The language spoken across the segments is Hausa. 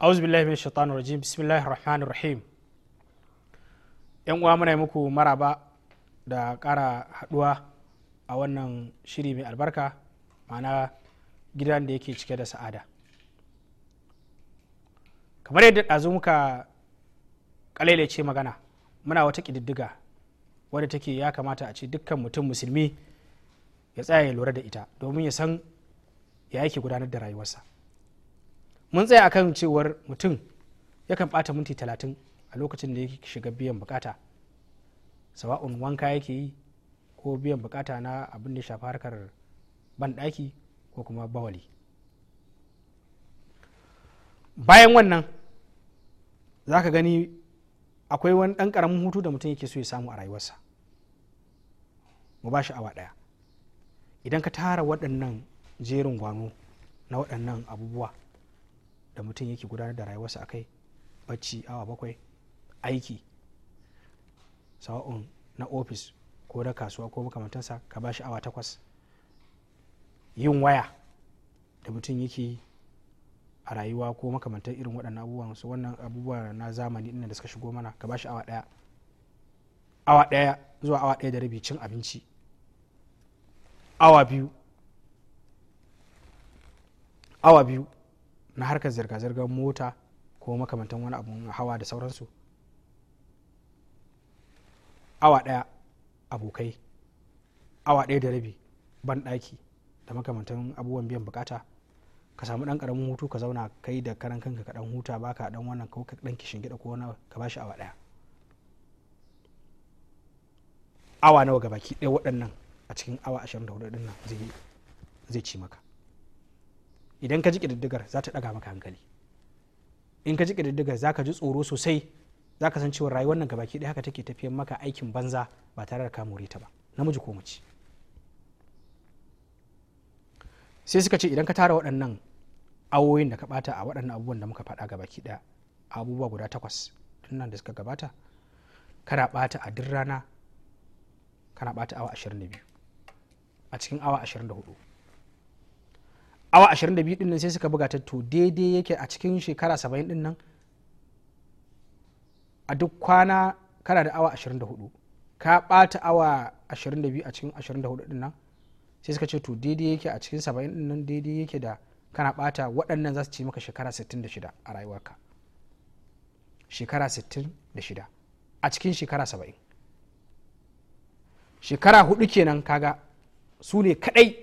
auzu billahi min shaitanir rajim bismillahir rahmanir rahim yan uwa muna muku maraba da kara haduwa a wannan shiri mai albarka ma'ana gidan da yake cike da sa'ada kamar yadda ɗazu muka ce magana muna wata ƙididdiga wadda take ya kamata a ce dukkan mutum musulmi ya tsaya ya lura da ita domin ya san ya yake gudanar da rayuwarsa mun tsaya akan cewar mutum yakan bata minti talatin a lokacin da ya shiga biyan bukata sawa'un wanka yake yi ko biyan bukata na abin da shafi harkar banɗaki ko kuma bawali bayan wannan za ka gani akwai wani ɗan ƙaramin hutu da mutum yake so ya samu a rayuwarsa mu ba shi awa ɗaya idan ka tara waɗannan jerin gwano na waɗannan abubuwa da mutum yake gudanar da rayuwarsa a kai bacci awa bakwai aiki sawa'un na ofis ko na kasuwa ko makamantarsa ka ba shi awa takwas yin waya da mutum yake a rayuwa ko makamantar irin waɗannan abubuwan su wannan abubuwa na zamani inda da suka shigo mana ka ba shi awa ɗaya awa ɗaya zuwa awa ɗaya da rabi cin abinci awa biyu na harkar zirga-zirgar mota ko makamantan wani abun hawa da sauransu awa ɗaya abokai awa ɗaya da rabi ban ɗaki da makamantan abubuwan biyan bukata ka samu ɗan karamin hutu ka zauna kai da karan kanka ka ɗan huta baka ɗan wannan ko ka ɗan kishin gida ko wani ka bashi awa ɗaya awa nawa gabaki ɗaya waɗannan a cikin awa 24 ɗin nan zai ci maka idan ka ji ƙididdigar za ta ɗaga maka hankali in ka ji ƙididdigar za ka ji tsoro sosai za ka san cewa rayuwar nan gabaki ɗaya haka take tafiyar maka aikin banza ba tare da kamure ta ba namiji ko mace sai suka ce idan ka tara waɗannan awoyin da ka bata a waɗannan abubuwan da muka faɗa gabaki ɗaya abubuwa guda takwas tun nan da suka gabata kana bata a duk rana kana bata awa ashirin da biyu a cikin awa ashirin da hudu. awa 22 din nan sai suka buga ta to daidai yake a cikin shekara 70 din nan a duk kwana kana da awa 24 ka bata awa 22 a cikin 24 din nan sai suka ce to daidai yake a cikin 70 din nan daidai yake da kana bata waɗannan za su ci maka shekara 66 a rayuwarka shekara 66 a cikin shekara 70 shekara hudu kenan kaga su ne kadai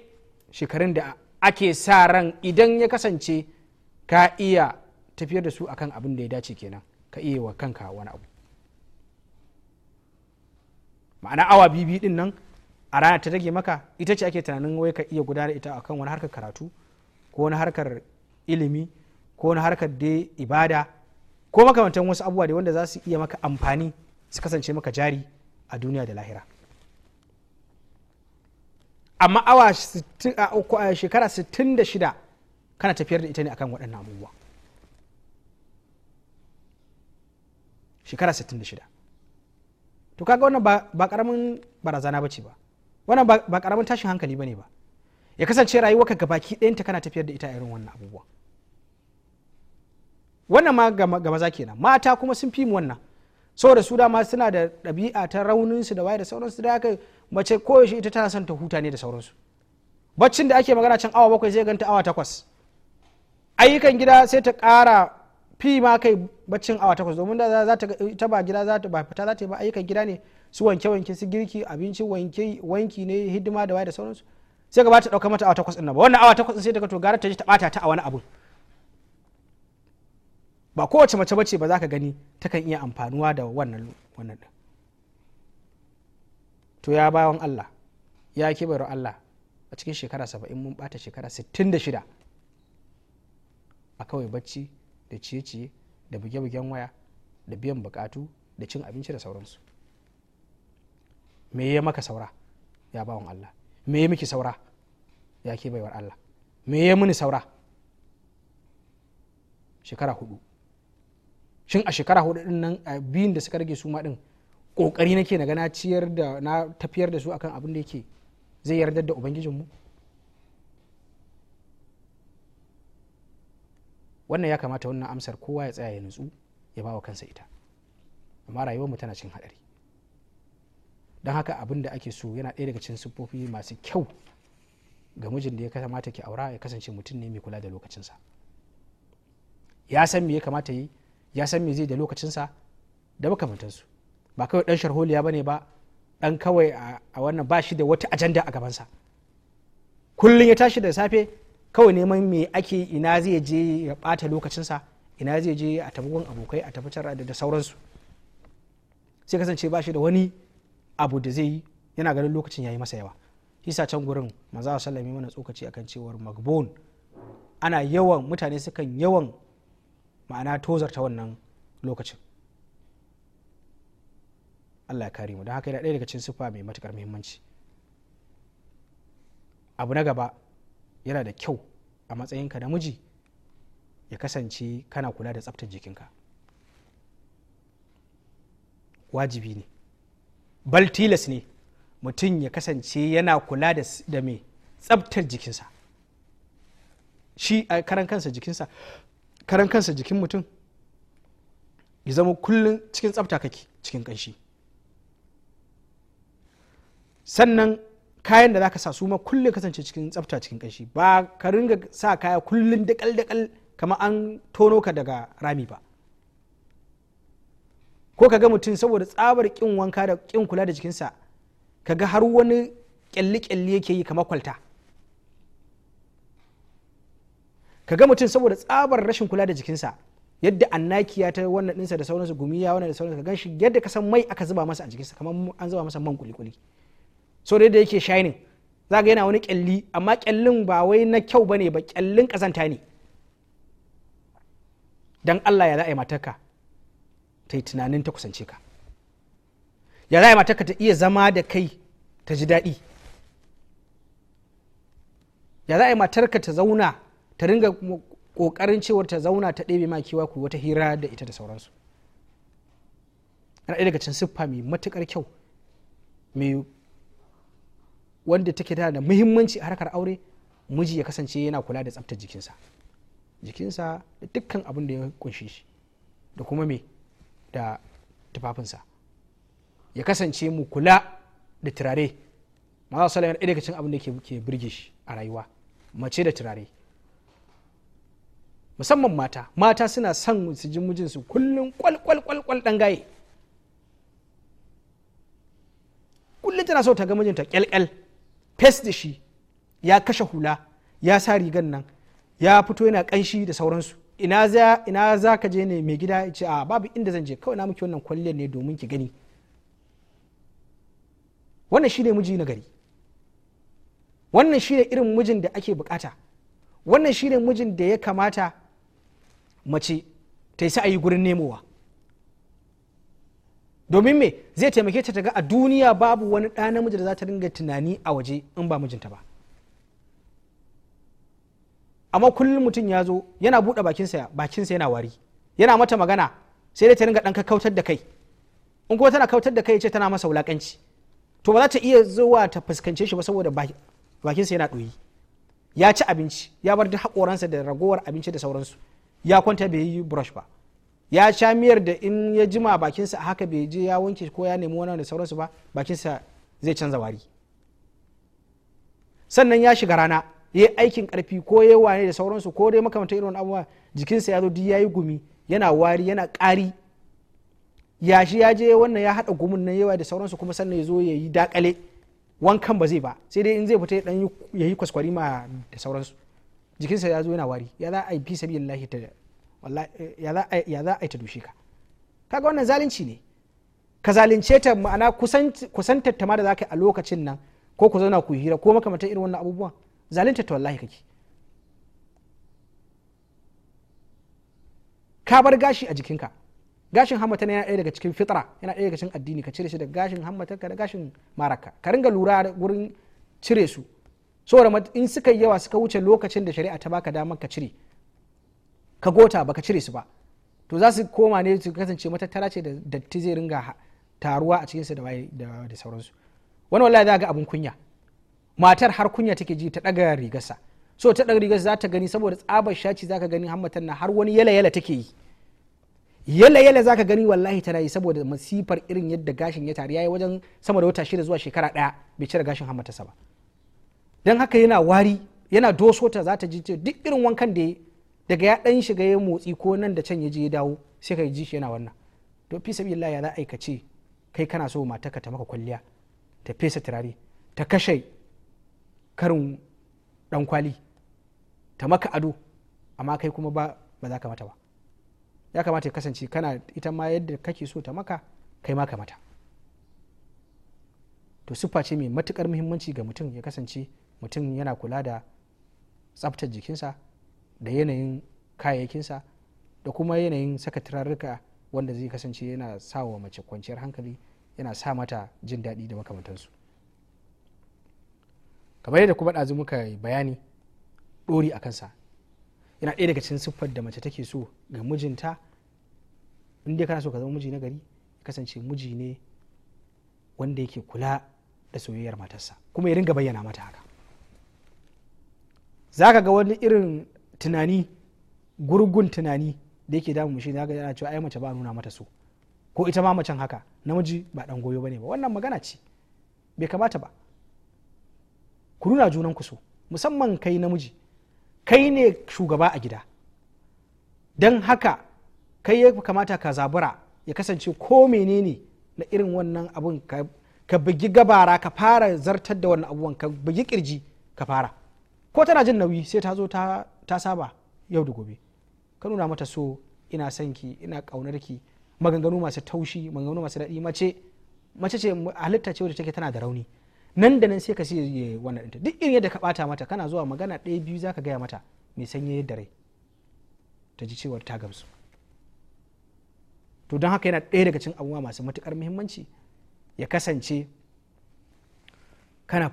shekarun da ake sa ran idan ya kasance ka iya tafiyar da su akan abin da ya dace kenan ka iya wa kanka wani abu ma'ana awa bibi din nan a rana ta rage maka ita ce ake tunanin wai ka iya gudanar ita akan wani harkar karatu ko wani harkar ilimi ko wani harkar da ibada ko makamantan wasu abubuwa da wanda za su iya maka amfani su kasance maka jari a duniya da lahira amma awa shekara 66 kana tafiyar da ita ne akan waɗannan abubuwa shekara 66 to kaga wannan ba karamin barazana ba ce ba wannan ba karamin tashin hankali ba ne ba ya kasance rayuwarka gabaki ɗayanta kana tafiyar da ita irin wannan abubuwa wannan ma ga maza kenan mata kuma sun fi mu wannan saboda su dama suna da ɗabi'a ta rauninsu da waye da sauransu da haka mace koyaushe ita tana son ta huta ne da sauransu baccin da ake magana can awa bakwai zai ganta awa takwas ayyukan gida sai ta ƙara fi ma kai baccin awa takwas domin da za ta ta ba gida za ta ba fita za ta yi ba ayyukan gida ne su wanke wanke su girki abinci wanke wanki ne hidima da waye da sauransu sai gaba ta ɗauka mata awa takwas ɗin ba wannan awa takwas sai ta ga to gara ta ji ta ɓata ta a wani abu ba kowace mace bace ba za ka gani takan iya amfanuwa da wannan wannan to ya bawan Allah ya kibaru Allah a cikin shekara saba'in mun bata shekara sittin da shida a kawai bacci da ciye-ciye da buge-bugen waya da biyan bukatu da cin abinci da sauransu me ya maka saura ya bawan Allah me ya miki saura ya ke baiwar Allah me ya muni saura shekara hudu shin a shekara hudu din nan biyun da suka rage su ma din kokari nake na gana ciyar da na tafiyar da su akan abin da yake zai yarda da ubangijinmu wannan ya kamata wannan amsar kowa ya tsaya ya nutsu ya ba wa kansa ita amma rayuwarmu tana cin haɗari don haka abin da ake so yana ɗaya daga cikin siffofi masu kyau ga mijin da ya kamata ke aura ya kasance mutum ne mai kula da lokacinsa ya san me ya kamata yi ya san me zai da lokacinsa da makamantansu ba kawai dan sharholiya bane ba dan kawai a wannan ba shi da wata ajanda a gabansa kullum ya tashi da safe kawai neman me ake ina zai je ya bata lokacinsa ina zai je a tabi abokai a tafi da sauransu sai kasance ba shi da wani abu da zai yi yana ganin lokacin ya yi masa yawa isa can gurin maza sallami mana tsokaci akan cewar magbon ana yawan mutane sukan yawan ma'ana tozarta wannan lokacin allah ya kare mu don haka yana ɗaya daga cikin siffa mai matukar muhimmanci abu na gaba yana da kyau a matsayinka namiji ya kasance kana kula da tsaftar jikinka wajibi ne bal tilas ne mutum ya kasance yana kula da mai tsaftar jikinsa shi a karan kansa jikinsa karan kansa jikin mutum ya zama kullum cikin tsafta kake cikin kanshi sannan kayan da zaka sa su ma kullum kasance cikin tsafta cikin kanshi ba ka ringa sa kaya kullum dakal dakal kamar an tono ka daga rami ba ko ka ga mutum saboda tsabar kin wanka da kin kula da jikinsa ka ga har wani kyalli kyalli yake yi kamar kwalta ka ga mutum saboda tsabar rashin kula da jikinsa yadda annakiya ta wannan dinsa da sauransu gumiya wannan da sauransu ka gan shi yadda ka san mai aka zuba masa a jikinsa kamar an zuba masa man kuli-kuli so dai da yake shining za ga yana wani kyalli amma kyallin ba wai na kyau ba ne ba kyallin kazanta ne Don Allah ya za a yi matarka ta yi tunanin ta kusance ka ya za a yi matarka ta iya zama da kai ta ji daɗi ya za a yi matarka ta zauna ta ringa ƙoƙarin cewar ta zauna ta ɗebe ma kewa ku wata hira da ita da sauransu yana ɗaya daga cin siffa mai matuƙar kyau mai wanda take tana da muhimmanci a harkar aure miji ya kasance yana kula da tsaftar jikinsa jikinsa da dukkan abin da ya kunshi shi da kuma me da tufafinsa ya kasance mu kula da turare maza salama ɗaya daga cikin abin da ke birge shi a rayuwa mace da turare musamman mata mata suna son su ji mijinsu kullum kwalkwalkwal ɗan gaye kullum tana so ta ga mijinta kyalkyal fes da shi ya kashe hula ya sa rigan nan ya fito yana kanshi da sauransu ina za ka je ne mai gida ya ce a ah, babu inda zan je kawai na muke wannan kwalliyar ne domin ki gani wannan shine miji na gari wannan shine irin mijin da ake bukata wannan shine mijin da ya kamata mace ta yi sa'ayi gurin nemowa domin me zai taimake ta ga a duniya babu wani ɗa namiji da za ta dinga tunani a waje in ba mijinta ba amma kullum mutum ya zo yana buɗe bakinsa bakinsa yana wari yana mata magana sai dai ta dinga ɗan kautar da kai in kuma tana kautar da kai ce tana masa wulakanci to ba za ta iya zuwa ta fuskance shi ba saboda bakinsa yana ɗoyi ya ci abinci ya bar duk haƙoransa da ragowar abinci da sauransu ya kwanta bai yi brush ba ya sha miyar da in ya jima bakinsa a haka bai je ya wanke ko ya nemi wani da sauransu ba bakinsa zai canza wari sannan ya shiga rana ya yi aikin karfi ko ya wane da sauransu ko dai makamanta irin abubuwa jikinsa ya zo duk ya yi gumi yana wari yana ƙari ya shi ya je wannan ya haɗa gumin nan yawa da sauransu kuma sannan ya zo ya yi dakale wankan ba zai ba sai dai in zai fita ya yi kwaskwari ma da sauransu jikinsa ya zo yana wari ya za a yi fi sabi ta Eh, eh, ya za a yi ta dushe ka kaga wannan zalunci ne ka zalunce ta ma'ana kusantar ta ma da za ka yi a lokacin nan ko ku zauna ku hira ko makamantar irin wannan abubuwan zalunta ta wallahi kake ka bar gashi a jikinka gashin hammata yana ɗaya daga cikin fitra yana ɗaya daga cikin addini ka cire shi daga gashin hammatarka da gashin maraka ka ringa lura gurin cire su saboda in suka yi yawa suka wuce lokacin da shari'a ta baka damar ka cire ka gota baka cire su ba to za su koma ne su kasance matattara ce da datti zai ringa taruwa a cikinsu da waye da sauransu wani wallahi za ga abin kunya matar har kunya take ji ta daga rigarsa so ta daga rigarsa za ta gani saboda tsabar shaci za ka gani hammatan na har wani yala yala take yi yala yala za ka gani wallahi tana yi saboda masifar irin yadda gashin ya tari yayi wajen sama da wata shida zuwa shekara daya bai cire gashin hammatarsa ba dan haka yana wari yana dosota za ta ji duk irin wankan da ya daga ya dan shiga ya motsi ko nan da can ya je ya dawo sai ka ji shi yana wannan to fi sabi ya za a aikace kai kana so mata ka ta maka kwalliya ta fesa turare ta kashe karin dan kwali ta maka ado amma kai kuma ba ba za ka mata ba ya kamata ya kasance kana ita ma yadda kake so ta maka kai ma ka mata to siffa ce mai matukar muhimmanci ga mutum ya kasance mutum yana kula da tsaftar jikinsa da yanayin kayayyakinsa da kuma yanayin saka turarruka wanda zai kasance yana sa wa mace kwanciyar hankali yana sa mata jin daɗi da makamantansu kamar yadda kuma ɗazu muka bayani ɗori a kansa yana ɗaya daga cikin siffar da mace take so ga mijinta in dai kana so ka zama miji na gari kasance miji ne wanda yake kula da soyayyar matarsa kuma ya ringa bayyana mata haka za ka ga wani irin tunani gurgun tunani da yake damu shi zaka yana cewa ai mace ba nuna mata so ko ita ma macen haka namiji ba dan goyo bane ba wannan magana ce bai kamata ba ku nuna junan ku so musamman kai namiji kai ne shugaba a gida dan haka kai ya kamata ka zabura ya kasance ko menene na irin wannan abun ka bugi gabara ka fara zartar da wannan abubuwan ka bugi kirji ka fara ko tana jin nauyi sai ta zo ta ta saba yau da gobe ka nuna mata so ina son ki ina kaunar ki maganganu masu taushi maganganu masu daɗi mace mace ce halitta ce wadda take tana da rauni nan da nan sai ka siya wannan ɗinta duk irin yadda ka ɓata mata kana zuwa magana ɗaya biyu za ka gaya mata mai sanye yadda rai ta ji cewar ta gamsu to don haka yana ɗaya daga cikin abubuwa masu matuƙar muhimmanci ya kasance kana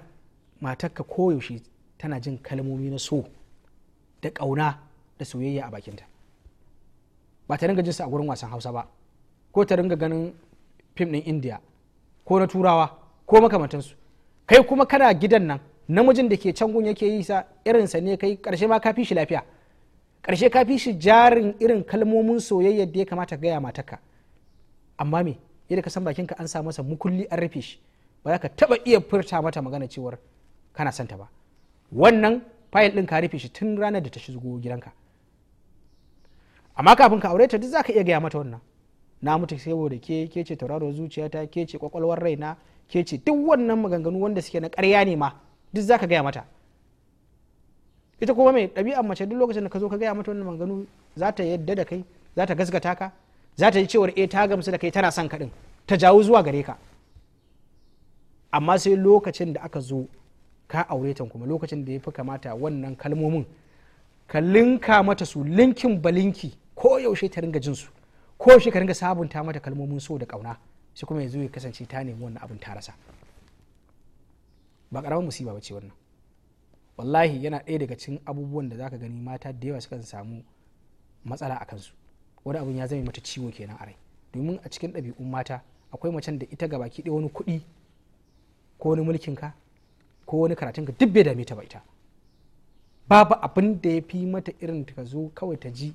matarka koyaushe tana jin kalmomi na so da ƙauna da soyayya a bakinta ba ta ringa jinsa a gurin wasan hausa ba ko ta ringa ganin fim ɗin indiya ko na turawa ko makamantansu kai kuma kana gidan nan namijin da ke can gun yake yi sa irinsa ne kai karshe ma ka fi shi lafiya karshe ka fi shi jarin irin kalmomin soyayya da ya kamata gaya matarka amma me yadda ka san ka an sa masa mukulli an rufe shi ba za ka taba iya furta mata magana cewar kana santa ba wannan fayil ɗin ka rufe shi tun ranar da ta shigo gidanka amma kafin ka aure ta duk zaka iya gaya mata wannan na mutu saboda ke ke ce tauraro zuciyata ke ce kwakwalwar raina ke ce duk wannan maganganu wanda suke na ƙarya ne ma duk zaka gaya mata ita kuma mai ɗabi'ar mace duk lokacin da ka zo ka gaya mata wannan maganganu za ta yadda da kai za ta gaskata ka za ta yi cewar eh ta gamsu da kai tana son ka din ta jawo zuwa gare ka amma sai lokacin da aka zo ka aure ta kuma lokacin da ya fi kamata wannan kalmomin ka linka mata su linkin balinki ko yaushe ta ringa jinsu ko yaushe ka ringa sabunta mata kalmomin so da kauna shi kuma yanzu ya kasance ta nemi wannan abin ta rasa ba karamar musiba ba ce wannan wallahi yana ɗaya daga cikin abubuwan da zaka gani mata da yawa sukan samu matsala a kansu wani abin ya zame mata ciwo kenan a rai domin a cikin ɗabi'un mata akwai macen da ita gaba ɗaya wani kuɗi ko wani mulkin ka ko wani karatun ka duk bai dame ta ba ita babu abin da ya fi mata irin ta zo kawai ta ji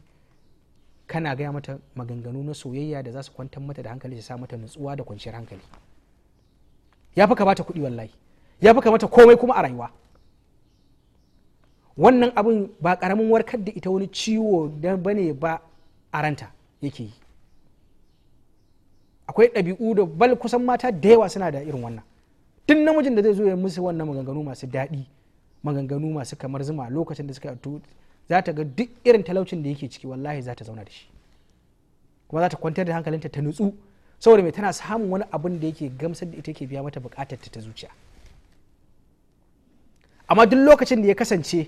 kana gaya mata maganganu na soyayya da za su kwantar mata da hankali su sa mata nutsuwa da kwanciyar hankali ya fi kamata kuɗi wallahi ya fi kamata komai kuma a rayuwa wannan abin ba karamin warkar da ita wani ciwo da bane ba a ranta yake yi akwai ɗabi'u da bal kusan mata da yawa suna da irin wannan tun namijin da zai zo ya musu wannan maganganu masu daɗi maganganu masu kamar zuma lokacin da suka to za ta ga duk irin talaucin da yake ciki wallahi za ta zauna da shi kuma za ta kwantar da hankalinta ta nutsu saboda mai tana samun wani abun da yake gamsar da ita ke biya mata bukatar ta zuciya amma duk lokacin da ya kasance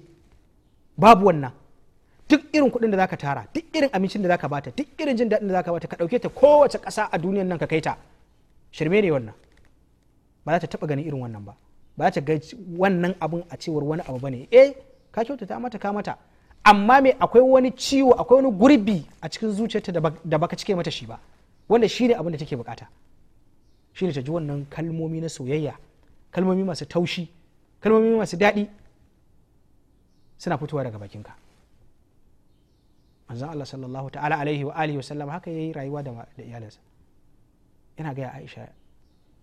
babu wannan duk irin kuɗin da zaka tara duk irin amincin da zaka bata duk irin jin daɗin da zaka bata ka ɗauke ta kowace ƙasa a duniyan nan ka kai ta shirme ne wannan ba za ta taba ganin irin wannan ba ba za ta ga wannan abun a cewar wani abu bane eh ka kyautata mata ka mata amma me akwai wani ciwo akwai wani gurbi a cikin zuciyarta da baka cike mata shi ba wanda shine abin da take bukata shine ta ji wannan kalmomi na soyayya kalmomi masu taushi kalmomi masu daɗi suna fitowa daga bakinka manzon Allah sallallahu ta'ala alaihi wa alihi wa sallam haka yayi rayuwa da iyalansa yana ga Aisha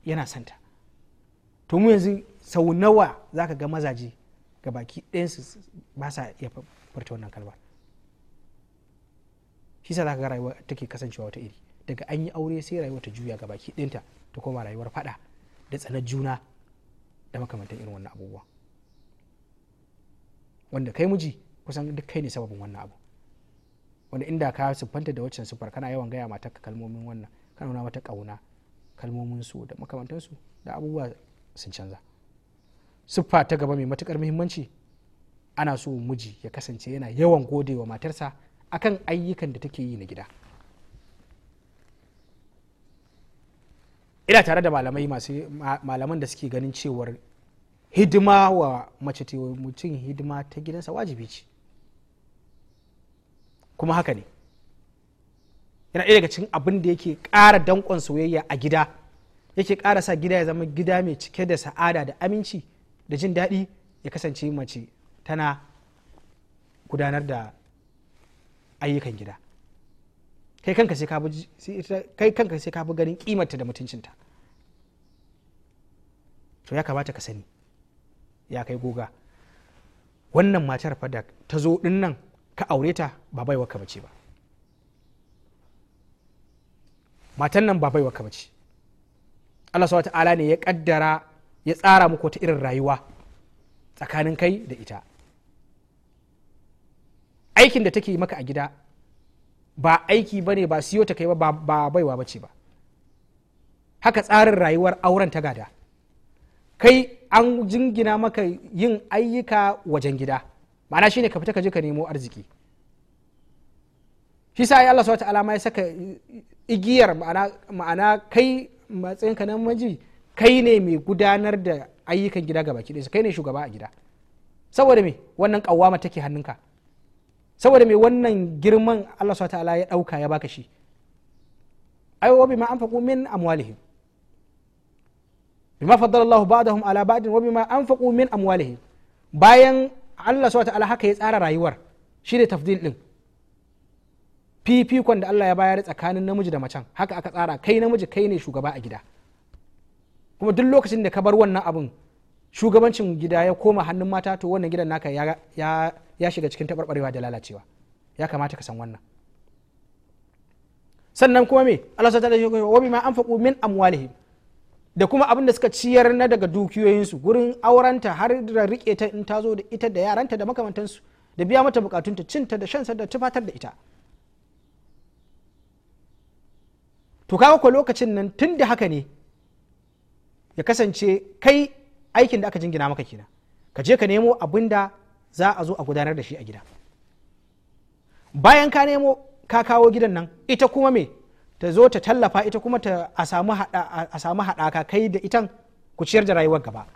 yana santa to mu yanzu sau nawa za ka ga mazaje ga baki ɗayansu ba sa iya furta wannan kalmar shi sa za ka ga rayuwa take kasancewa wata iri daga an yi aure sai rayuwa ta juya ga baki ɗinta ta koma rayuwar faɗa da tsanar juna da makamantan irin wannan abubuwa wanda kai miji kusan duk kai ne sababin wannan abu wanda inda ka siffanta da waccan siffar kana yawan gaya matarka kalmomin wannan kana nuna mata ƙauna kalmomin su da makamantansu da abubuwa sun canza siffa ta gaba mai matukar muhimmanci ana so miji ya kasance yana yawan gode wa matarsa akan ayyukan da take yi na gida ina tare da malamai masu malaman da suke ganin cewar hidima wa mace ta mutum hidima ta gidansa wajibi ce kuma haka ne yana daga cikin abin da yake kara dankon soyayya a gida yake karasa sa gida ya zama gida mai cike da sa'ada da aminci da jin daɗi ya kasance mace tana gudanar da ayyukan gida kai kanka sai ka bi ganin kimarta da mutuncinta to ya kamata ka sani ya kai goga wannan matar fada ta zo din nan ka aure ta ba baiwa ka bace ba matan nan ba baiwa ka bace Allah ta'ala ne ya kaddara ya tsara muku wata irin rayuwa tsakanin kai da ita aikin da take maka a gida ba aiki bane ba siyo ta kai ba ba baiwa bace ba haka tsarin rayuwar auren ta gada kai an jingina maka yin ayyuka wajen gida ma'ana shine ka fita ka je ka nemo arziki shi sa Allah subhanahu ta'ala ma ya saka igiyar ma'ana kai matsayin ka na maji kai ne mai gudanar da ayyukan gida ga baki ɗaya kai ne shugaba a gida saboda me wannan kawama take hannunka saboda me wannan girman Allah subhanahu ta'ala ya dauka ya baka shi ai wa bima anfaqu min amwalihim bima faddala Allah ba'dahum ala ba'din wa bima anfaqu min amwalihim bayan Allah subhanahu ta'ala haka ya tsara rayuwar shi ne tafdil din fifikon da Allah ya bayar tsakanin namiji da macen haka aka tsara kai namiji kai ne shugaba a gida kuma duk lokacin da ka bar wannan abin shugabancin gida ya koma hannun mata to wannan gidan naka ya, shiga cikin taɓarɓarewa da lalacewa ya kamata ka san wannan sannan kuma me Allah ta dace wa ma anfaqu min amwalihim da kuma abin da suka ciyar na daga su gurin aurenta har da rike ta in ta zo da ita da yaranta da makamantansu da biya mata bukatunta cinta da shansa da tufatar da ita to kaga ko lokacin nan tun da haka ne ya kasance kai aikin da aka jingina maka kenan ka je ka nemo abin da za a zo a gudanar da shi a gida bayan ka nemo ka kawo gidan nan ita kuma me ta zo ta tallafa ita kuma ta a samu haɗaka kai da itan ku ciyar da rayuwar gaba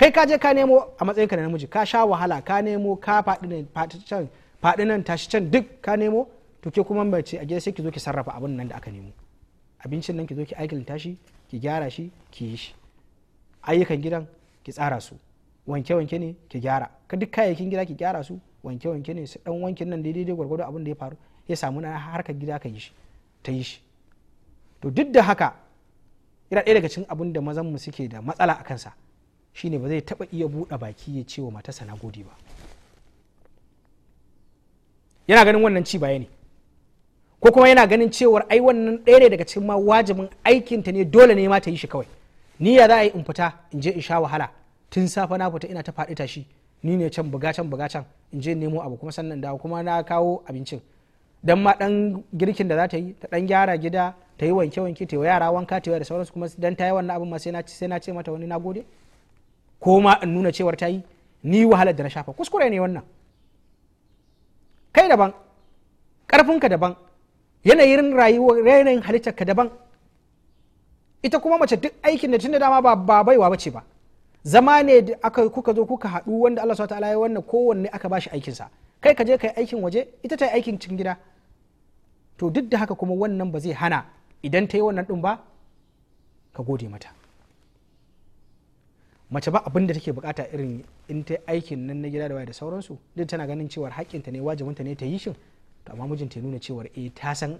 kai ka je ka nemo a matsayinka ka na namiji ka sha wahala ka nemo ka faɗi nan tashi can duk ka nemo to ke kuma mace a gida sai ki zo ki sarrafa abin nan da aka nemo abincin nan ki zo ki aikilta shi ki gyara shi ki yi shi ayyukan gidan ki tsara su wanke wanke ne ki gyara ka duk kayayyakin gida ki gyara su wanke wanke ne su dan wankin nan daidai dai gwargwado abin da ya faru ya samu na harkar gida ka yi shi ta yi shi to duk da haka ina ɗaya daga cikin abin da mazan mu suke da matsala a kansa shine ba zai taba iya buɗe baki ya ce wa matarsa na gode ba yana ganin wannan ci baya ne ko kuma yana ganin cewar ai wannan ɗaya ne daga cikin ma wajibin aikinta ne dole ne ma ta yi shi kawai ni ya za a yi in fita in je in sha wahala tun safe na fita ina ta faɗi tashi ni ne can buga can buga can in je nemo abu kuma sannan dawo kuma na kawo abincin dan ma dan girkin da za ta yi ta dan gyara gida ta yi wanke wanke ta yi yara wanka ta yi da sauransu kuma dan ta yi wannan abin ma sai na sai na ce mata wani nagode ko ma in nuna cewar ta yi ni wahala da na shafa kuskure ne wannan kai daban karfinka daban yanayin rayuwar yanayin halittar ka daban ita kuma mace duk aikin da tunda dama ba ba baiwa bace ba zama ne da aka kuka zo kuka haɗu wanda Allah subhanahu ta'ala ya wannan kowanne aka bashi aikin sa kai ka je kai aikin waje ita ta aikin cikin gida to duk da haka kuma wannan ba zai hana idan ta yi wannan din ba ka gode mata mace ba abinda da take bukata irin in ta aikin nan na gida da waya da sauransu duk tana ganin cewa hakkinta ne wajibinta ne ta yi shin to amma mijinta ya nuna cewar eh ta san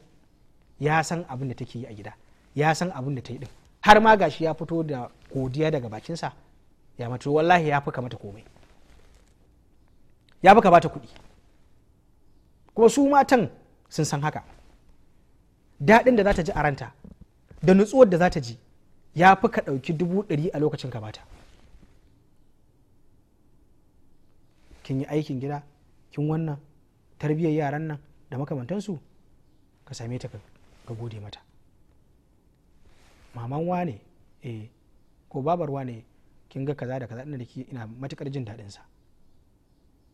ya san abin da take yi a gida ya san abin da ta yi din har ma gashi ya fito da godiya daga bakinsa ya mato wallahi ya fi kamata komai ya fi kamata kuɗi kuma su matan sun san haka daɗin da za ta ji a ranta da nutsuwar da za ta ji ya fi ka ɗauki dubu ɗari a lokacin kamata kin yi aikin gida kin wannan tarbiyyar yaran nan da makamantansu ka same ta ka gode mata maman wane eh, ko babar wane kin ga kaza da kaza ina da ina matukar jin daɗin sa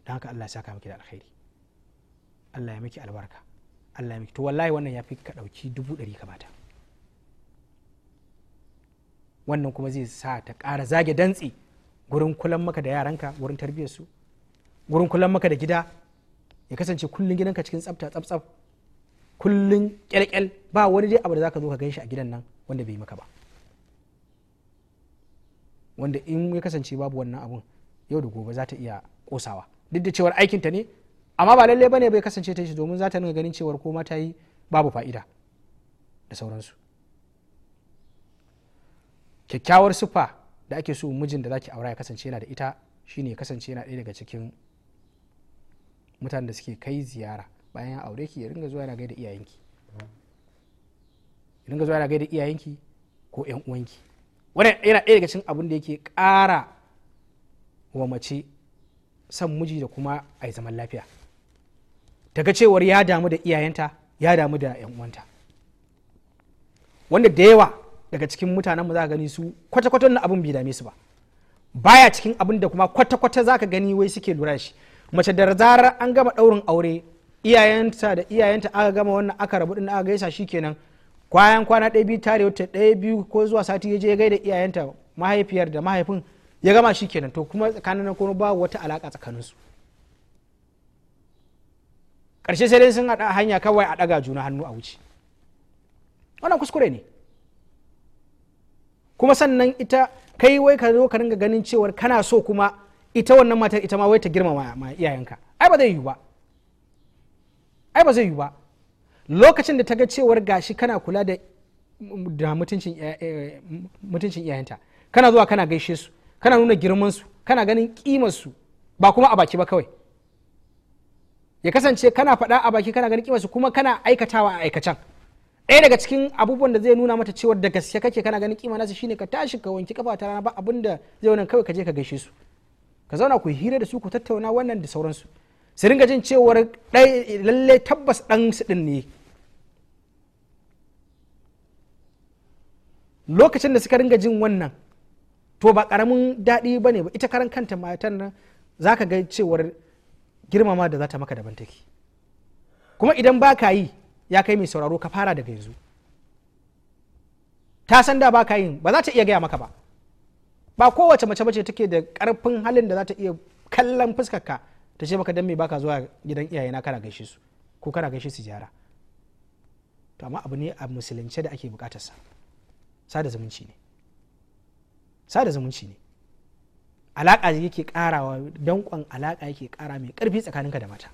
don haka Allah ya saka miki da alkhairi Allah ya miki albarka Allah ya miki to wallahi wannan ya fi ka ɗauki dubu ɗari ka bata wannan kuma zai sa ta ƙara zage dantsi gurin kulan maka da yaranka gurin tarbiyyarsu gurin kulan maka da gida ya kasance kullun gidanka cikin tsafta tsaf kullum kyalkyal ba wani dai abu da zaka zo ka gan shi a gidan nan wanda bai maka ba wanda in ya kasance babu wannan abun yau da gobe za ta iya kosawa duk da cewar aikinta ne amma ba lalle bane bai kasance ta shi domin za ta nuna ganin cewar ko ma ta yi babu fa'ida da sauransu kyakkyawar siffa da ake so mijin da zaki aura ya kasance yana da ita shine ya kasance yana ɗaya daga cikin mutanen da suke kai ziyara bayan ya aure ki ya ringa zuwa yana gaida iyayenki ya ringa zuwa yana gaida iyayenki ko yan uwanki wannan yana ɗaya daga cikin abin da yake ƙara wa mace son miji da kuma a zaman lafiya ta ga cewar ya damu da iyayenta ya damu da yan uwanta wanda da yawa daga cikin mutanen mu za gani su kwata-kwata wannan abin bai dame su ba baya cikin abin da kuma kwata-kwata za ka gani wai suke lura shi mace da zarar an gama ɗaurin aure iyayenta da iyayenta aka gama wannan aka rabu din aka gaisa kenan kwayan kwana ɗaya biyu tare wata ɗaya biyu ko zuwa sati ya je ya gaida iyayenta mahaifiyar da mahaifin ya gama kenan to kuma tsakanin na kuma babu wata alaka tsakaninsu karshe sai dai sun haɗa hanya kawai a ɗaga juna hannu a wuce wannan kuskure ne kuma sannan ita kai wai ka zo ka ringa ganin cewar kana so kuma ita wannan matar ita ma wai ta girmama ma iyayenka ai ba zai yiwu ba ai ba zai yiwu ba lokacin da ta ga cewar gashi kana kula da eh, mutuncin iyayenta kana zuwa kana gaishe su kana nuna girman su kana ganin kimar su ba kuma a baki ba kawai ya kasance kana faɗa a baki kana ganin kimar su kuma kana aikatawa a aikacen ɗaya daga cikin abubuwan da zai nuna mata cewar da gaske kake kana ganin kima nasu shine ka tashi ka wanki kafa ta rana ba abinda zai wannan kawai ka je ka gaishe su ka zauna ku hira da su ku tattauna wannan da sauransu su ringa jin cewar lalle tabbas ɗan su ɗin ne lokacin da suka ringa jin wannan to ba ƙaramin daɗi ba ne ba ita karan kanta matan nan za ka ga cewar girmama da za ta maka daban take kuma idan ba ka yi ya kai mai sauraro ka fara daga yanzu ta san da ba ka yin ba za ta iya gaya maka ba ba kowace mace bace take da karfin halin da za ta iya kallon fuskarka ta ce maka dan me baka zuwa gidan iyayena kana gaishe su ko kana gaishe su ziyara to amma abu ne a musulunce da ake bukatar sa sada zumunci ne sada zumunci ne alaka yake karawa dankon alaka yake kara mai karfi tsakaninka da mata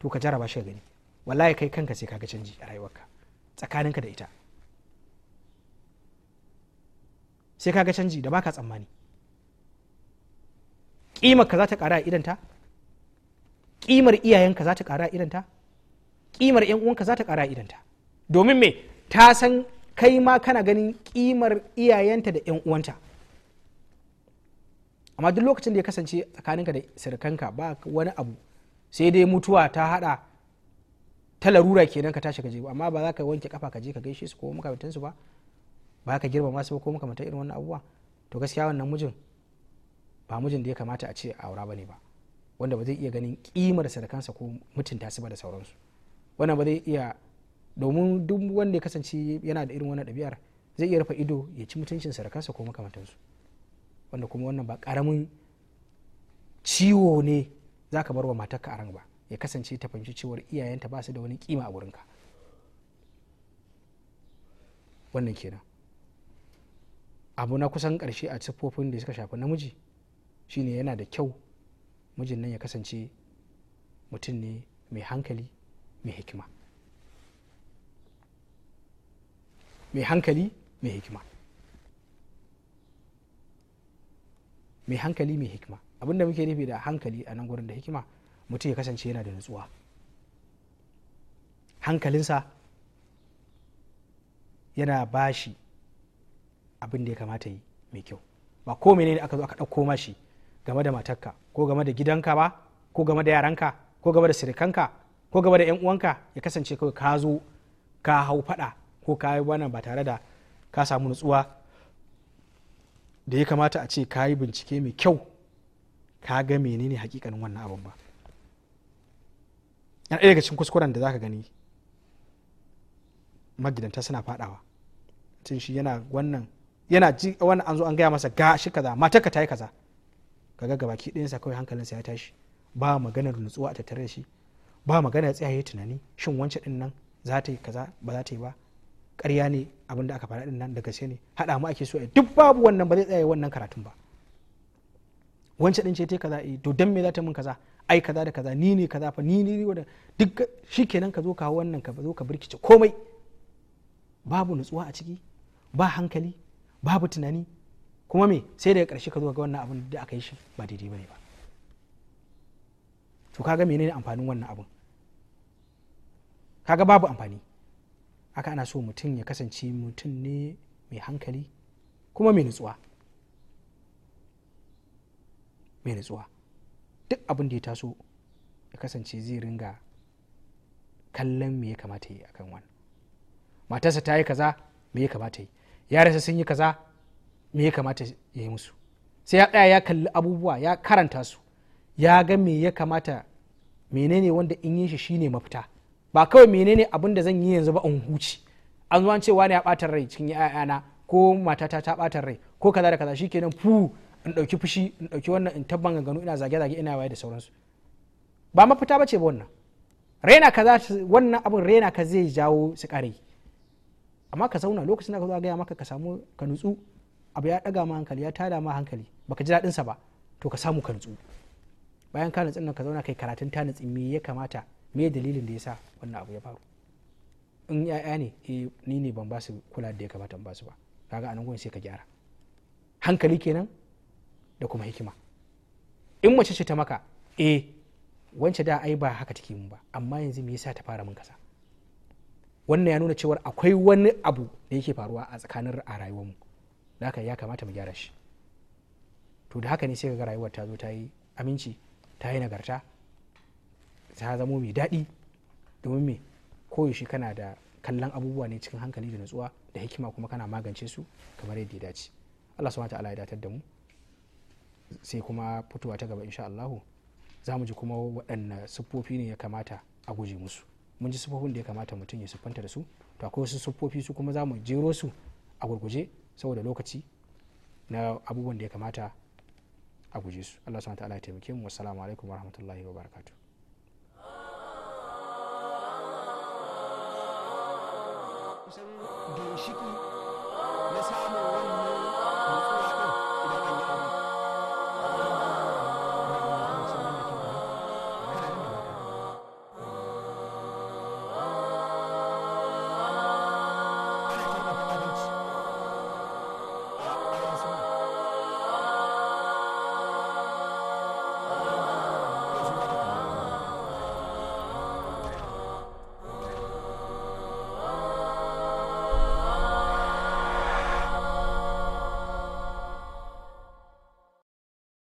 to ka jaraba shi gani wallahi kai kanka sai kaga canji a rayuwarka tsakaninka da ita sai kaga canji da baka tsammani ƙimar ka za ta ƙara a idanta ƙimar iyayenka za ta ƙara a idanta ƙimar yan uwanka za ta ƙara a idanta domin me ta san kai ma kana ganin ƙimar iyayenta da yan uwanta amma duk lokacin da ya kasance tsakaninka da sirkanka ba wani abu sai dai mutuwa ta hada ta larura kenan ka tashi ka je amma ba za ka wanke kafa ka je ka gaishe su ko makamantansu ba ba ka girma masu ba ko makamantar irin wannan abubuwa to gaskiya wannan mijin ba mijin da ya kamata a ce aura bane ba wanda ba zai iya ganin kimar sadakansa ko mutunta su ba da sauransu wannan ba zai iya domin duk wanda ya kasance yana da irin wannan ɗabi'ar zai iya rufe ido ya ci mutuncin sadakansa ko makamantansu wanda kuma wannan ba karamin ciwo ne za ka bar wa matarka a ran ba ya kasance ta fahimci cewar iyayenta ba su da wani kima a wurinka wannan kenan abu na kusan karshe a siffofin da suka shafi namiji shine yana da kyau mijin nan ya kasance mutum ne mai hankali mai hikima mai hankali mai hikima mai hankali mai hikima abinda muke nufi da hankali a nan gurin da hikima mutum ya kasance yana da nutsuwa hankalinsa yana bashi abin da ya kamata yi mai kyau ba ko menene aka zo aka ɗauko mashi game da matarka ko game da gidanka ba ko game da yaranka ko game da sirikanka ko game da yan uwanka ya kasance kawai ka zo ka hau faɗa ko ka yi wannan ba tare da ka samu nutsuwa da ya kamata a ce ka yi bincike mai kyau ka ga menene hakikanin wannan abin ba yana ɗaya daga cikin kuskuren da zaka gani magidanta suna faɗawa tun shi yana wannan yana ji wani an zo an gaya masa gashi kaza mata ka tayi kaza kaga gabaki dinsa kawai sa ya tashi ba maganar nutsuwa a tattare da shi ba magana ya tsaya ya tunani shin wancan din nan za ta yi kaza ba za ta yi ba ƙarya ne abin da aka faɗa din nan da gaske ne haɗa mu ake so a duk babu wannan ba zai tsaya wannan karatun ba wancan din ce ta kaza eh to dan me za ta min kaza ai kaza da kaza ni ne kaza fa ni ne wanda duk shikenan ka zo ka wannan ka zo ka birkice komai babu nutsuwa a ciki ba hankali babu tunani kuma me sai daga karshe ka zo ga wannan abin da aka yi shi ba daidai bane ba to kaga menene amfanin wannan abin kaga babu amfani haka ana so mutum ya kasance mutum ne mai hankali kuma mai nutsuwa mai nutsuwa duk abin da ya taso ya kasance zai ringa kallon me ya kamata yi akan wannan matarsa ta yi kaza me ya kamata yi ya rasa sun yi kaza me ya kamata ya yi musu sai ya tsaya ya kalli abubuwa ya karanta su ya ga me ya kamata menene wanda in yi shi shine mafita ba kawai menene abin da zan yi yanzu ba in huci an zuwa cewa ne ya ɓatar rai cikin ‘ya'yana ko matata ta ɓatar rai ko kaza da kaza shikenan fu in ɗauki fushi in ɗauki wannan in tabban gano ina zage-zage ina waye da sauransu ba mafita ba ce ba wannan raina kaza wannan abin raina ka zai jawo su kare amma ka zauna lokacin da ka zo a gaya maka ka samu ka nutsu abu ya daga ma hankali ya tada ma hankali baka ji daɗinsa ba to ka samu ka nutsu bayan ka nutsu nan ka zauna kai karatun ta nutsi me ya kamata me dalilin da yasa wannan abu ya faru in ya'ya ne eh, ni ne ban basu kula da ya kamata ban su ba kaga anan gurin sai ka gyara hankali kenan da kuma hikima in mace ce ta maka eh wance da ai ba haka take mun ba amma yanzu me yasa ta fara mun kasa wannan ya nuna cewar akwai wani abu da yake faruwa a tsakanin a rayuwarmu da haka ya kamata mu gyara shi to da haka ne sai ga rayuwar ta zo ta yi aminci ta yi nagarta ta zamo mai daɗi domin me koyaushe kana da kallon abubuwa ne cikin hankali da nutsuwa da hikima kuma kana magance su kamar yadda ya dace allah subhanahu ta'ala ya datar da mu sai kuma fitowa ta gaba insha allahu za mu ji kuma waɗanne siffofi ne ya kamata a guje musu mun ji siffofin da ya kamata mutum ya siffanta da su to akwai wasu siffofi su kuma za mu jero su a gurguje saboda lokaci na abubuwan da ya kamata a guje su allah subhanahu ta'ala ya taimake mu wassalamu alaikum warahmatullahi wabarakatuh kusan ginshiki na samun